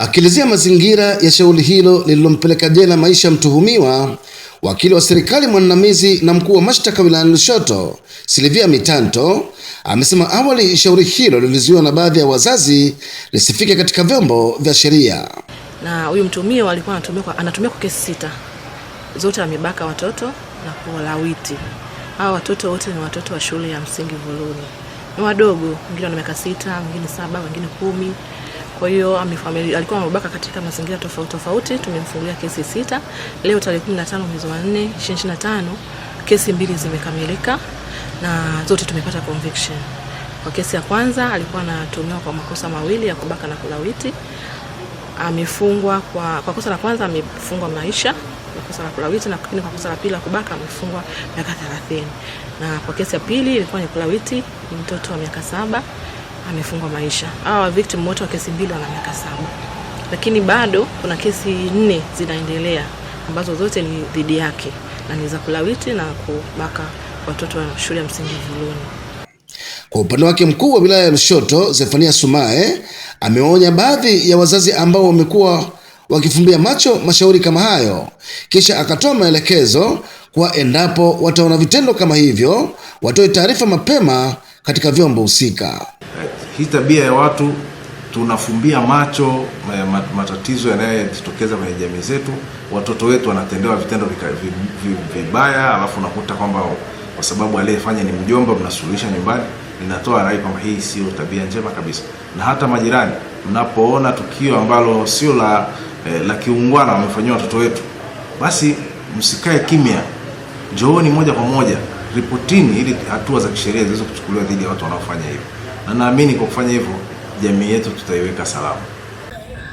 Akielezea mazingira ya shauri hilo lililompeleka jela maisha ya mtuhumiwa, wakili wa serikali mwandamizi na mkuu wa mashtaka wilayani Lushoto, Silvia Mitanto, amesema awali shauri hilo lilizuiwa na baadhi ya wazazi lisifike katika vyombo vya sheria. Na huyu mtuhumiwa alikuwa anatumia kwa, anatumia kwa kesi sita zote amebaka watoto na kuwalawiti. Hawa watoto wote ni watoto wa shule ya msingi vuluni ni wadogo, wengine wana miaka sita, wengine saba, wengine kumi kwa hiyo alikuwa amebaka katika mazingira tofauti tofauti, tumemfungulia kesi sita. Leo tarehe 15 mwezi wa 4 2025 kesi mbili zimekamilika na zote tumepata conviction. Kwa kesi ya kwanza alikuwa anatumiwa kwa makosa mawili ya kubaka na kulawiti. Amefungwa kwa, kwa kosa la kwanza amefungwa maisha kwa kosa la kulawiti, na kwa kosa la pili la kubaka amefungwa miaka 30. Na kwa kesi ya pili ilikuwa ni kulawiti mtoto wa miaka saba amefungwa maisha. Hawa victim wote wa kesi mbili wana miaka saba, lakini bado kuna kesi nne zinaendelea ambazo zote ni dhidi yake na ni za kulawiti na kubaka watoto wa shule ya msingi Vuluni. Kwa upande wake mkuu wa wilaya ya Lushoto Zefania sumae ameonya baadhi ya wazazi ambao wamekuwa wakifumbia macho mashauri kama hayo, kisha akatoa maelekezo kuwa endapo wataona vitendo kama hivyo watoe taarifa mapema katika vyombo husika. Hii tabia ya watu tunafumbia macho matatizo yanayojitokeza kwenye jamii zetu. Watoto wetu wanatendewa vitendo vibaya, alafu unakuta kwamba kwa sababu aliyefanya ni mjomba, mnasuluhisha nyumbani. Ninatoa rai kwamba hii sio tabia njema kabisa, na hata majirani, mnapoona tukio ambalo sio la eh, la kiungwana wamefanyiwa watoto wetu, basi msikae kimya, njooni moja kwa moja, ripotini ili hatua za kisheria ziweze kuchukuliwa dhidi ya watu wanaofanya hivyo na naamini kwa kufanya hivyo jamii yetu tutaiweka salama.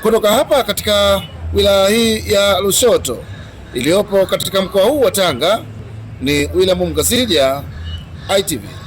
Kutoka hapa katika wilaya hii ya Lushoto iliyopo katika mkoa huu wa Tanga, ni William Mgasija, ITV.